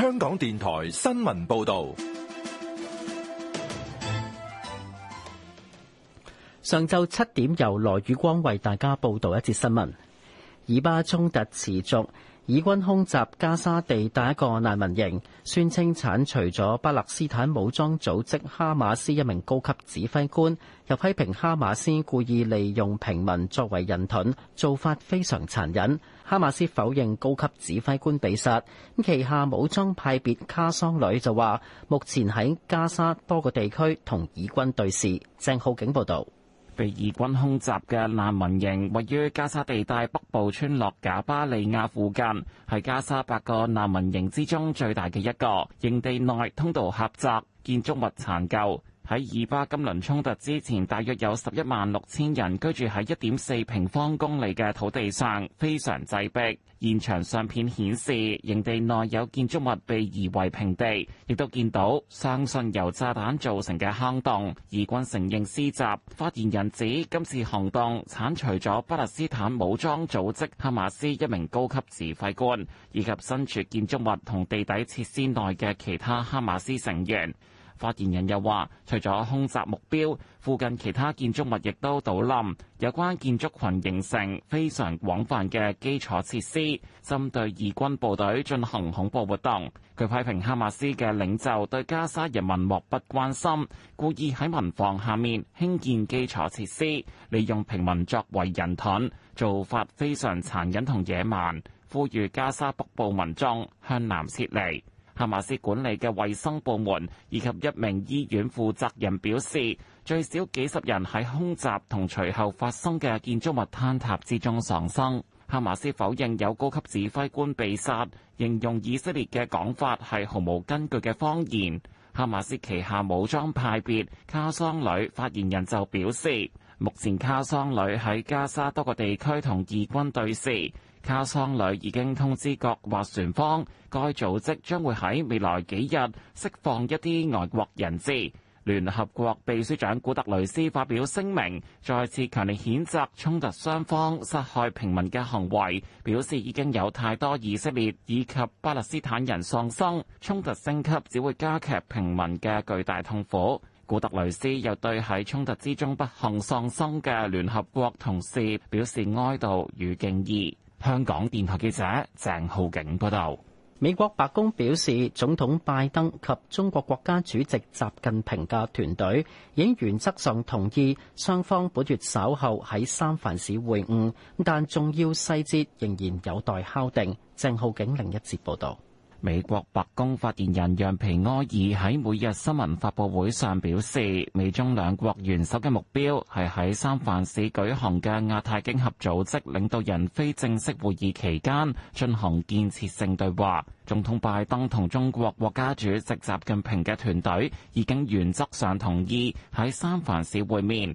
香港電台新聞報道。上晝七點，由羅宇光為大家報道一節新聞。以巴衝突持續。以軍空襲加沙地帶一個難民營，宣稱鏟除咗巴勒斯坦武裝組織哈馬斯一名高級指揮官，又批評哈馬斯故意利用平民作為人盾，做法非常殘忍。哈馬斯否認高級指揮官被殺，旗下武裝派別卡桑旅就話，目前喺加沙多個地區同以軍對峙。鄭浩景報導。被以軍空襲嘅難民營，位於加沙地帶北部村落賈巴利亞附近，係加沙八個難民營之中最大嘅一個。營地內通道狹窄，建築物殘舊。喺以巴金輪衝突之前，大約有十一萬六千人居住喺一點四平方公里嘅土地上，非常擠迫。現場相片顯示，營地內有建築物被夷為平地，亦都見到相信由炸彈造成嘅坑洞。以軍承認施襲。發言人指，今次行動剷除咗巴勒斯坦武裝組織哈馬斯一名高級指揮官，以及身處建築物同地底設施內嘅其他哈馬斯成員。發言人又話：除咗空襲目標附近其他建築物亦都倒冧，有關建築群形成非常廣泛嘅基礎設施，針對義軍部隊進行恐怖活動。佢批評哈馬斯嘅領袖對加沙人民漠不關心，故意喺民房下面興建基礎設施，利用平民作為人盾，做法非常殘忍同野蠻。呼籲加沙北部民眾向南撤離。哈馬斯管理嘅衛生部門以及一名醫院負責人表示，最少幾十人喺空襲同隨後發生嘅建築物坍塌之中喪生。哈馬斯否認有高級指揮官被殺，形容以色列嘅講法係毫無根據嘅謊言。哈馬斯旗下武裝派別卡桑旅發言人就表示，目前卡桑旅喺加沙多個地區同以軍對峙。卡桑旅已經通知各劃船方，該組織將會喺未來幾日釋放一啲外國人質。聯合國秘書長古特雷斯發表聲明，再次強烈譴責衝突雙方殺害平民嘅行為，表示已經有太多以色列以及巴勒斯坦人喪生，衝突升級只會加劇平民嘅巨大痛苦。古特雷斯又對喺衝突之中不幸喪生嘅聯合國同事表示哀悼與敬意。香港電台記者鄭浩景報道，美國白宮表示，總統拜登及中國國家主席習近平嘅團隊已經原則上同意雙方本月稍後喺三藩市會晤，但重要細節仍然有待敲定。鄭浩景另一節報道。美國白宮發言人楊皮埃爾喺每日新聞發佈會上表示，美中兩國元首嘅目標係喺三藩市舉行嘅亞太經合組織領導人非正式會議期間進行建設性對話。總統拜登同中國國家主席習近平嘅團隊已經原則上同意喺三藩市會面。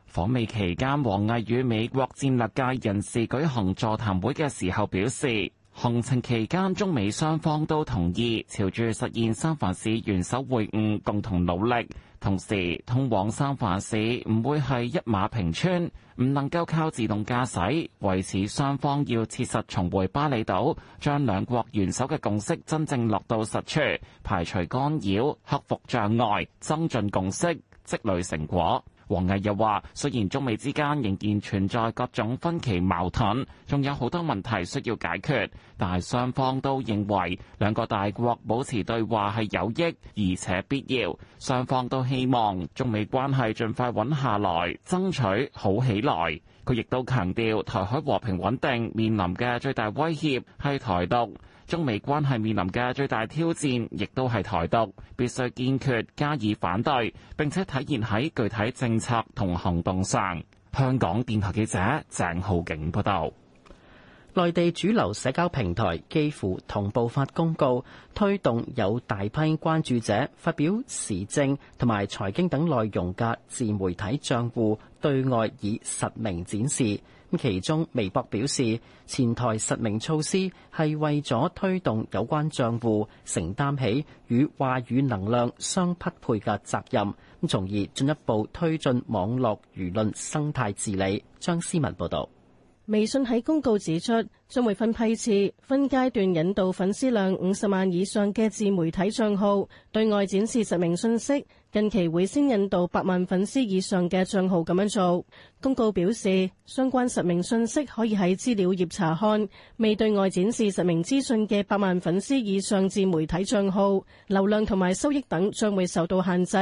訪美期間，王毅與美國戰略界人士舉行座談會嘅時候表示，行程期間中美雙方都同意朝住實現三藩市元首會晤，共同努力。同時，通往三藩市唔會係一馬平川，唔能夠靠自動駕駛。為此，雙方要切實重回巴厘島，將兩國元首嘅共識真正落到實處，排除干擾，克服障礙，增進共識，積累成果。王毅又話：雖然中美之間仍然存在各種分歧矛盾，仲有好多問題需要解決，但係雙方都認為兩個大國保持對話係有益而且必要，雙方都希望中美關係盡快穩下來，爭取好起來。佢亦都強調，台海和平穩定面臨嘅最大威脅係台獨。中美關係面臨嘅最大挑戰，亦都係台獨，必須堅決加以反對，並且體現喺具體政策同行動上。香港電台記者鄭浩景報道，內地主流社交平台幾乎同步發公告，推動有大批關注者發表時政同埋財經等內容嘅自媒體賬戶對外以實名展示。其中，微博表示，前台實名措施係為咗推動有關賬戶承擔起與話語能量相匹配嘅責任，從而進一步推進網絡輿論生態治理。張思文報道。微信喺公告指出，將會分批次、分階段引導粉絲量五十萬以上嘅自媒體賬號對外展示實名信息。近期會先引導百萬粉絲以上嘅賬號咁樣做。公告表示，相關實名信息可以喺資料頁查看。未對外展示實名資訊嘅百萬粉絲以上自媒體賬號，流量同埋收益等將會受到限制。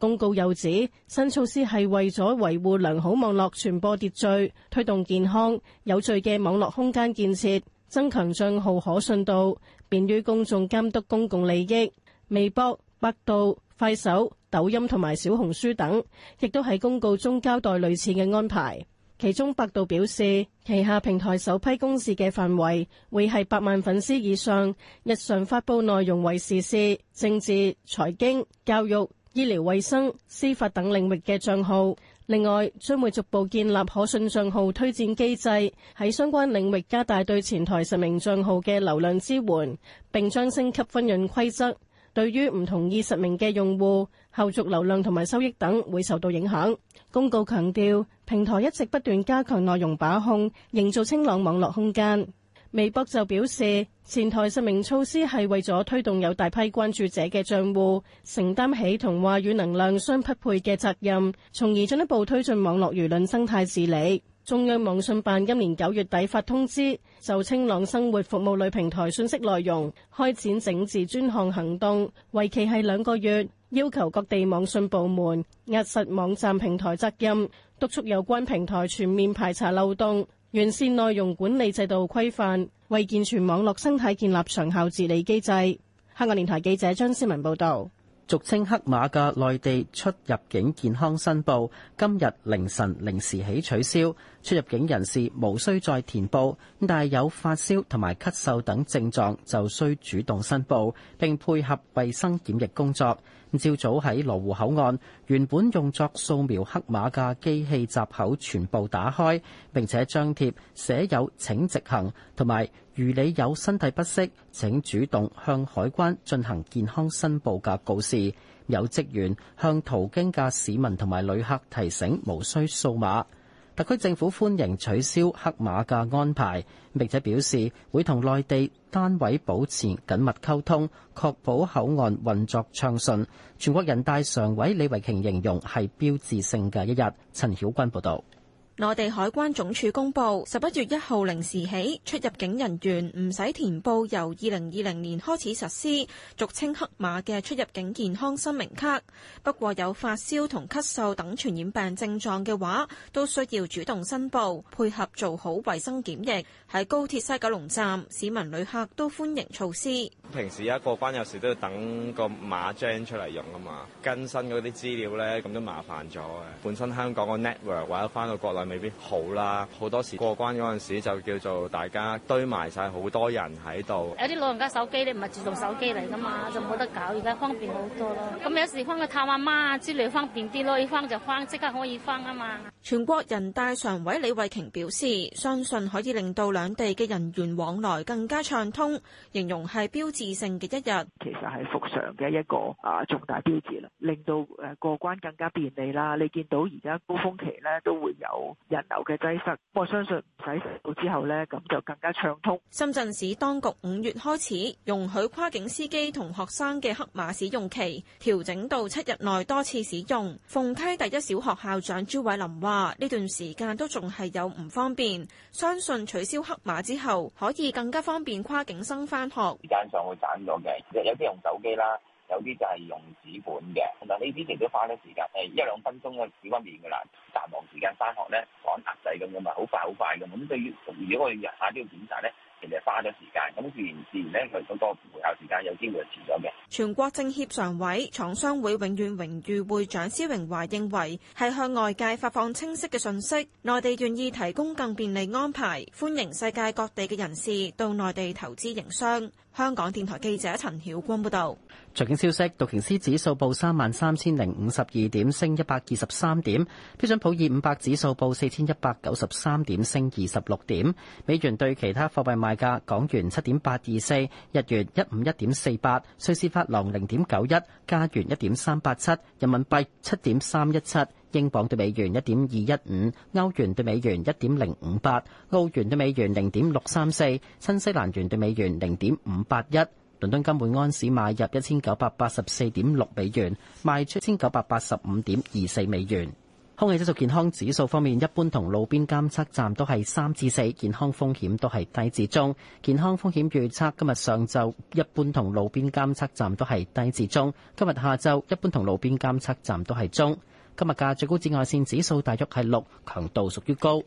公告又指，新措施係為咗維護良好網絡傳播秩序，推動健康有序嘅網絡空間建設，增強賬號可信度，便於公眾監督公共利益。微博、百度。快手、抖音同埋小紅書等，亦都喺公告中交代類似嘅安排。其中，百度表示旗下平台首批公示嘅範圍會係百萬粉絲以上、日常發佈內容為時事、政治、財經、教育、醫療衛生、司法等領域嘅賬號。另外，將會逐步建立可信賬號推薦機制，喺相關領域加大對前台實名賬號嘅流量支援，並將升級分潤規則。對於唔同意實名嘅用戶，後續流量同埋收益等會受到影響。公告強調，平台一直不斷加強內容把控，營造清朗網絡空間。微博就表示，前台實名措施係為咗推動有大批關注者嘅賬戶，承擔起同話語能量相匹配嘅責任，從而進一步推進網絡輿論生態治理。中央網信辦今年九月底發通知，就清朗生活服務類平台信息內容開展整治專項行動，為期係兩個月，要求各地網信部門壓實網站平台責任，督促有關平台全面排查漏洞，完善內容管理制度規範，為健全網絡生態建立長效治理機制。香港電台記者張思文報道。俗稱黑馬嘅內地出入境健康申報，今日凌晨零時起取消，出入境人士無需再填報。咁但係有發燒同埋咳嗽等症狀就需主動申報並配合衞生檢疫工作。咁朝早喺羅湖口岸，原本用作掃描黑馬嘅機器閘口全部打開，並且張貼寫有請直行同埋，如你有身體不適，請主動向海關進行健康申報嘅告示。有職員向途經嘅市民同埋旅客提醒，無需掃碼。特區政府歡迎取消黑馬嘅安排，並且表示會同內地單位保持緊密溝通，確保口岸運作暢順。全國人大常委李慧瓊形容係標誌性嘅一日。陳曉君報導。內地海關總署公布，十一月一號零時起，出入境人員唔使填報，由二零二零年開始實施，俗稱黑馬嘅出入境健康申明卡。不過有發燒同咳嗽等傳染病症狀嘅話，都需要主動申報，配合做好衛生檢疫。喺高鐵西九龍站，市民旅客都歡迎措施。平時一過關有時都要等個碼張出嚟用啊嘛，更新嗰啲資料咧，咁都麻煩咗嘅。本身香港個 network，或者翻到國內。未必好啦，好多時過關嗰陣時就叫做大家堆埋晒好多人喺度。有啲老人家手機，你唔係自動手機嚟㗎嘛，就冇得搞。而家方便好多咯。咁有時翻去探阿媽之類方便啲咯，要翻就翻，即刻可以翻啊嘛。全國人大常委李慧瓊表示，相信可以令到兩地嘅人員往來更加暢通，形容係標誌性嘅一日。其實係復常嘅一個啊重大標誌啦，令到誒過關更加便利啦。你見到而家高峯期咧都會有。人流嘅擠塞，我相信使食到之後呢，咁就更加暢通。深圳市當局五月開始容許跨境司機同學生嘅黑馬使用期調整到七日內多次使用。鳳溪第一小學校長朱偉林話：呢段時間都仲係有唔方便，相信取消黑馬之後可以更加方便跨境生返學。時間上會賺咗嘅，有啲用手機啦。有啲就係用紙本嘅，同埋呢啲亦都花咗時間，誒一兩分鐘嘅洗翻面㗎啦，繁忙時間翻學咧趕搭仔咁樣咪好快好快咁，咁就要同如果我哋日下都要檢查咧。其實花咗時間，咁自然自然咧，佢好多回校時間有機會遲咗嘅。全國政協常委、廠商會永遠榮譽會長施榮華認為，係向外界發放清晰嘅訊息，內地願意提供更便利安排，歡迎世界各地嘅人士到內地投資營商。香港電台記者陳曉光報道。財經消息，道瓊斯指數報三萬三千零五十二點，升一百二十三點；標準普爾五百指數報四千一百九十三點，升二十六點。美元對其他貨幣買。大價港元七點八二四，日元一五一點四八，瑞士法郎零點九一，加元一點三八七，人民幣七點三一七，英鎊兌美元一點二一五，歐元兌美元一點零五八，澳元兌美元零點六三四，新西蘭元兌美元零點五八一。倫敦金每安士買入一千九百八十四點六美元，賣出千九百八十五點二四美元。空氣質素健康指數方面，一般同路邊監測站都係三至四，健康風險都係低至中。健康風險預測今日上晝一般同路邊監測站都係低至中，今日下晝一般同路邊監測站都係中。今日嘅最高紫外綫指數大約係六，強度屬於高。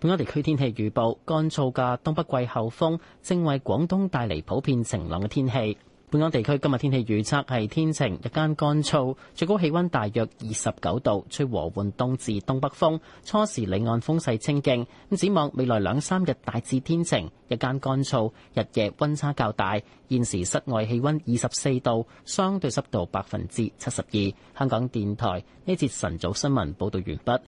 本港地區天氣預報，乾燥嘅東北季候風正為廣東帶嚟普遍晴朗嘅天氣。本港地區今日天氣預測係天晴，日間乾燥，最高氣溫大約二十九度，吹和緩東至東北風，初時離岸風勢清勁，咁展望未來兩三日大致天晴，日間乾燥，日夜溫差較大。現時室外氣溫二十四度，相對濕度百分之七十二。香港電台呢節晨早新聞報道完畢。